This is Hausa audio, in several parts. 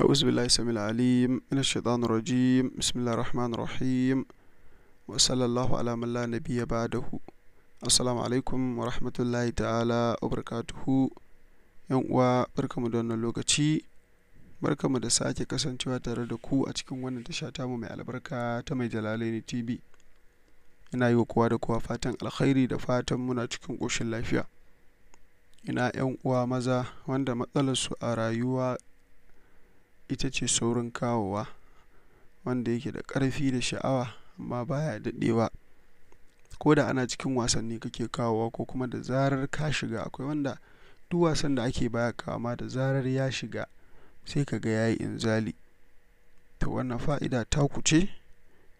أعوذ بالله السميع العليم من الشيطان الرجيم بسم الله الرحمن الرحيم وصلى الله على من لا نبي بعده السلام عليكم ورحمة الله تعالى وبركاته yan uwa barkamu da wannan lokaci barkamu da sake kasancewa tare da ku a cikin wannan tasha mu mai albarka ta mai jalalaini tv ina yi wa kowa da kowa fatan alkhairi da fatan muna cikin ƙoshin lafiya ina yan uwa maza wanda matsalarsu a rayuwa ita ce saurin kawowa, wanda yake da ƙarfi da sha'awa amma baya ya daɗewa, ko da ana cikin wasanni kake kawowa ko kuma da zarar ka shiga akwai wanda duk wasan da ake baya kama amma da zarar ya shiga sai ka ga ya yi inzali. To wannan fa'ida taku ce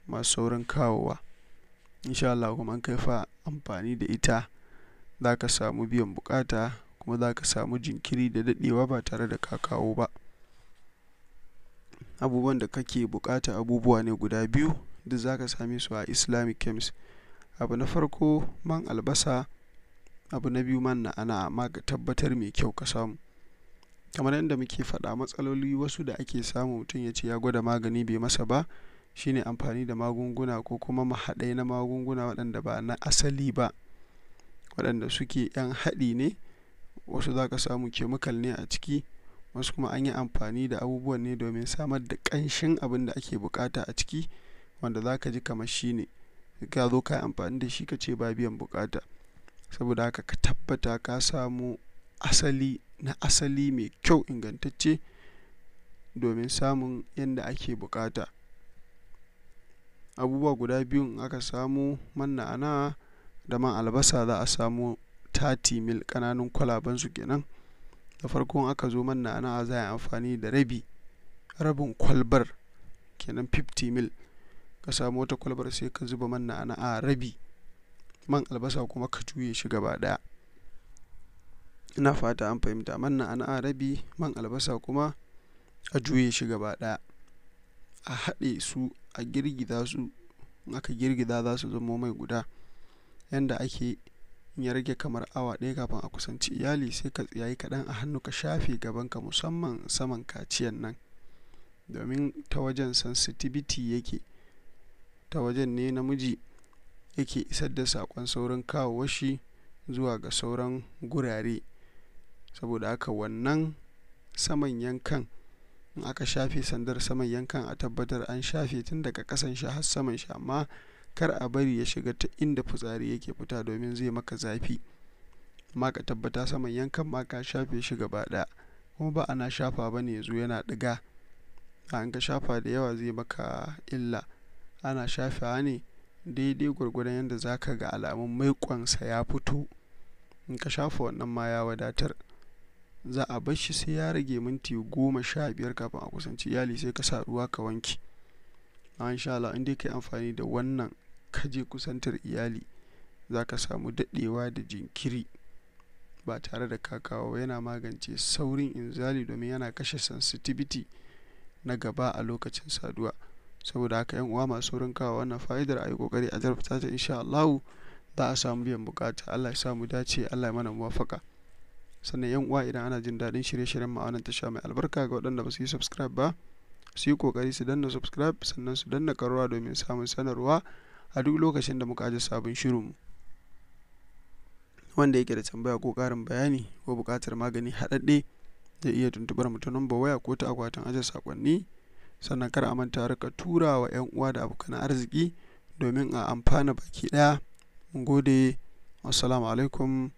masu saurin kawowa, insha Allah kuma in kai fa amfani da ita za ka samu biyan buƙata kuma za ka samu jinkiri da daɗewa ba tare da ka kawo ba. abubuwan da kake bukata abubuwa ne guda biyu duk za ka same su a Islamic chemist abu na farko man albasa abu na biyu man na'ana'a amma ka tabbatar mai kyau ka samu kamar yadda muke faɗa matsaloli wasu da ake samu mutum ya ce ya gwada magani bai masa ba shine amfani da magunguna ko kuma mahaɗai na magunguna waɗanda ba na asali ba waɗanda suke 'yan haɗi ne wasu za ka samu chemical ne a ciki wasu kuma an yi amfani da abubuwan ne domin samar da ƙanshin abin da ake bukata a ciki wanda za ka ji kamar shi ne ka zo ka yi amfani da shi ka ce ba biyan bukata saboda haka ka tabbata ka samu asali na asali mai kyau ingantacce domin samun yadda ake buƙata abubuwa guda biyun aka samu manna ana da man albasa za a samu 30 mil ƙananun su kenan da farkon aka zo manna ana za a yi amfani da rabi rabin kwalbar kenan 50 mil ka samu wata kwalbar sai ka zuba manna ana a rabi man albasa kuma ka juye shi gaba ɗaya ina fata an fahimta manna ana a rabi man albasa kuma a juye shi gaba ɗaya a haɗe su a girgiza su aka girgiza za su zama mai guda yanda ake ya rage kamar awa ɗaya kafin a kusanci iyali sai ka tsiyayi kaɗan a hannu ka shafe gabanka musamman saman kaciyan nan domin ta wajen sensitivity yake ta wajen ne namiji yake isar da saƙon saurin kawo shi zuwa ga sauran gurare saboda haka wannan saman yankan in aka shafe sandar saman yankan a tabbatar an shafe tun daga ƙasan shi har saman shi amma kar a bari ya shiga ta inda fitsari yake fita domin zai maka zafi amma ka tabbata saman yankan ma ka shafe shi gaba ɗaya kuma ba ana shafa ba ne ya zo yana ɗiga an ka shafa da yawa zai maka illa ana shafa ne daidai gwargwadon yadda za ka ga alamun maiƙonsa ya fito in ka shafa wannan ma ya wadatar za a bar shi sai ya rage minti goma sha biyar kafin a kusanci iyali sai ka sa ruwa ka wanke insha Allah in dai ka yi amfani da wannan kaje kusantar iyali za ka samu daɗewa da jinkiri ba tare da kakawa ba yana magance saurin inzali domin yana kashe sensitivity na gaba a lokacin saduwa saboda haka yan uwa masu saurin kawo wannan fa'idar a yi kokari a jarfata ta insha Allahu za a samu biyan bukata Allah ya samu dace Allah ya mana muwafaka sannan yan uwa idan ana jin daɗin shirye-shiryen ma'aunin tasha mai albarka ga waɗanda ba su yi subscribe ba su yi kokari su danna subscribe sannan su danna karuwa domin samun sanarwa a duk lokacin da muka ji sabon mu wanda yake da tambaya ko karin bayani ko buƙatar magani haɗaɗɗe zai iya tuntubar mu ta waya ko ta akwatin aje saƙonni sannan kar a manta rika tura wa 'yan uwa da abokan arziki domin a amfana baki ɗaya mun gode wassalamu alaikum